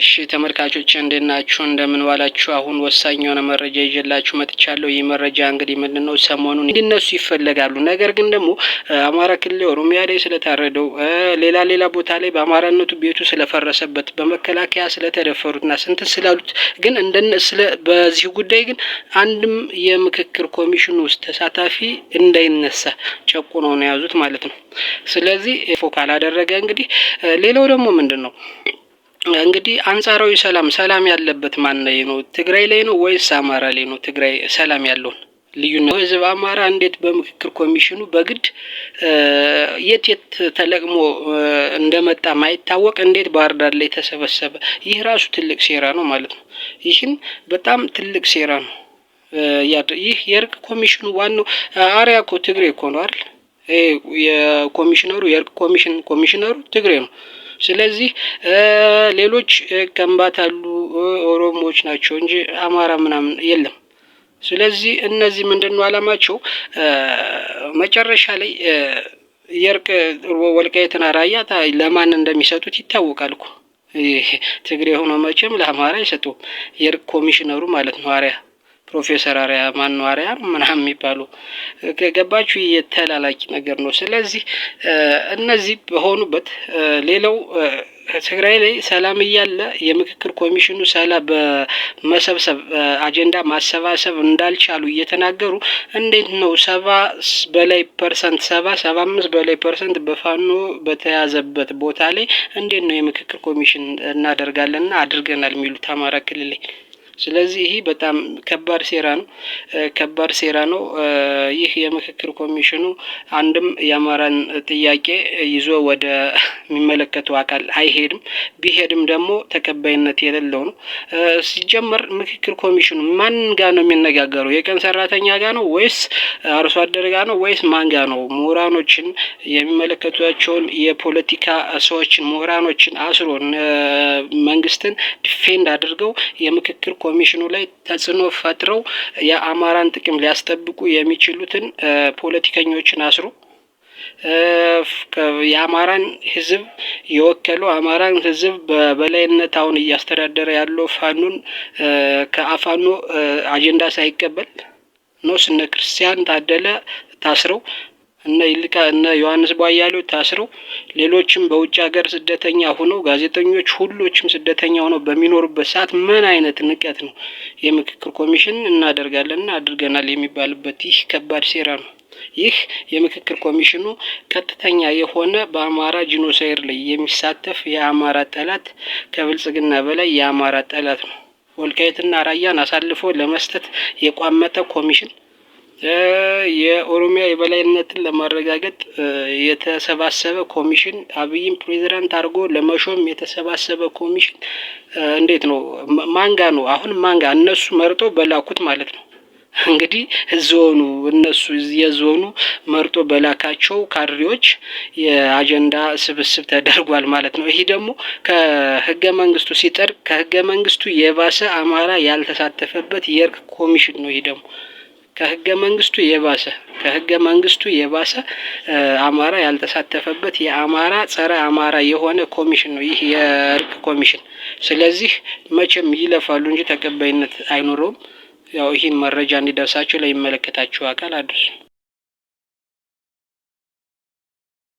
እሺ ተመልካቾች እንዴት ናችሁ? እንደምን ዋላችሁ? አሁን ወሳኝ የሆነ መረጃ ይዤላችሁ መጥቻለሁ። ይህ መረጃ እንግዲህ ምንድን ነው ሰሞኑን እንዲነሱ ይፈለጋሉ። ነገር ግን ደግሞ አማራ ክልል ኦሮሚያ ላይ ስለታረደው፣ ሌላ ሌላ ቦታ ላይ በአማራነቱ ቤቱ ስለፈረሰበት፣ በመከላከያ ስለተደፈሩትና ስንት ስላሉት ግን እንደነ ስለ በዚህ ጉዳይ ግን አንድም የምክክር ኮሚሽኑ ውስጥ ተሳታፊ እንዳይነሳ ጨቁነው ነው የያዙት ማለት ነው። ስለዚህ ፎ ካላደረገ እንግዲህ ሌላው ደግሞ ምንድን ነው እንግዲህ አንጻራዊ ሰላም ሰላም ያለበት ማን ላይ ነው? ትግራይ ላይ ነው ወይስ አማራ ላይ ነው? ትግራይ ሰላም ያለውን ልዩነት ህዝብ አማራ እንዴት በምክክር ኮሚሽኑ በግድ የት የት ተለቅሞ እንደመጣ ማይታወቅ እንዴት ባህር ዳር ላይ ተሰበሰበ? ይህ ራሱ ትልቅ ሴራ ነው ማለት ነው። ይህን በጣም ትልቅ ሴራ ነው። ይህ የእርቅ ኮሚሽኑ ዋናው አሪያ እኮ ትግሬ እኮ ነው አይደል? የኮሚሽነሩ የእርቅ ኮሚሽን ኮሚሽነሩ ትግሬ ነው። ስለዚህ ሌሎች ከምባት ያሉ ኦሮሞዎች ናቸው እንጂ አማራ ምናምን የለም። ስለዚህ እነዚህ ምንድነው አላማቸው? መጨረሻ ላይ የእርቅ ወልቃይትና ራያ ለማን እንደሚሰጡት ይታወቃል እኮ። ትግሬ ሆኖ መቼም ለአማራ አይሰጡም። የእርቅ ኮሚሽነሩ ማለት ነው አሪያ ፕሮፌሰር አርያ ማን አርያ ምናምን የሚባሉ ከገባችሁ የተላላኪ ነገር ነው። ስለዚህ እነዚህ በሆኑበት ሌላው ትግራይ ላይ ሰላም እያለ የምክክር ኮሚሽኑ ሰላ በመሰብሰብ አጀንዳ ማሰባሰብ እንዳልቻሉ እየተናገሩ እንዴት ነው ሰባ በላይ ፐርሰንት ሰባ ሰባ አምስት በላይ ፐርሰንት በፋኖ በተያዘበት ቦታ ላይ እንዴት ነው የምክክር ኮሚሽን እናደርጋለንና አድርገናል የሚሉት አማራ ክልል ላይ ስለዚህ ይሄ በጣም ከባድ ሴራ ነው፣ ከባድ ሴራ ነው። ይህ የምክክር ኮሚሽኑ አንድም የአማራን ጥያቄ ይዞ ወደ የሚመለከተው አካል አይሄድም፣ ቢሄድም ደግሞ ተቀባይነት የሌለው ነው። ሲጀመር ምክክር ኮሚሽኑ ማን ጋ ነው የሚነጋገረው? የቀን ሰራተኛ ጋ ነው ወይስ አርሶ አደር ጋ ነው ወይስ ማን ጋ ነው? ምሁራኖችን የሚመለከቷቸውን የፖለቲካ ሰዎችን ምሁራኖችን አስሮ መንግስትን ዲፌንድ አድርገው የምክክር ኮሚሽኑ ላይ ተጽዕኖ ፈጥረው የአማራን ጥቅም ሊያስጠብቁ የሚችሉትን ፖለቲከኞችን አስሩ። የአማራን ህዝብ የወከለው አማራን ህዝብ በበላይነት አሁን እያስተዳደረ ያለው ፋኑን ከአፋኖ አጀንዳ ሳይቀበል ነው። እነ ክርስቲያን ታደለ ታስረው እነ ይልቃ እነ ዮሐንስ ቧያሌው ታስረው ሌሎችም በውጭ ሀገር ስደተኛ ሆነው ጋዜጠኞች ሁሎችም ስደተኛ ሆነው በሚኖሩበት ሰዓት ምን አይነት ንቀት ነው? የምክክር ኮሚሽን እናደርጋለንና አድርገናል የሚባልበት ይህ ከባድ ሴራ ነው። ይህ የምክክር ኮሚሽኑ ቀጥተኛ የሆነ በአማራ ጂኖሳይድ ላይ የሚሳተፍ የአማራ ጠላት ከብልጽግና በላይ የአማራ ጠላት ነው። ወልቃይትና ራያን አሳልፎ ለመስጠት የቋመጠ ኮሚሽን የኦሮሚያ የበላይነትን ለማረጋገጥ የተሰባሰበ ኮሚሽን አብይም ፕሬዚዳንት አድርጎ ለመሾም የተሰባሰበ ኮሚሽን እንዴት ነው? ማንጋ ነው አሁን ማንጋ እነሱ መርጦ በላኩት ማለት ነው። እንግዲህ ዞኑ እነሱ የዞኑ መርጦ በላካቸው ካድሬዎች የአጀንዳ ስብስብ ተደርጓል ማለት ነው። ይህ ደግሞ ከህገ መንግስቱ ሲጠር ከህገ መንግስቱ የባሰ አማራ ያልተሳተፈበት የእርቅ ኮሚሽን ነው። ይህ ደግሞ ከህገ መንግስቱ የባሰ ከህገ መንግስቱ የባሰ አማራ ያልተሳተፈበት የአማራ ጸረ አማራ የሆነ ኮሚሽን ነው ይህ የእርቅ ኮሚሽን። ስለዚህ መቼም ይለፋሉ እንጂ ተቀባይነት አይኖረውም። ያው ይህን መረጃ እንዲደርሳቸው ለሚመለከታቸው አካል አድርሱ።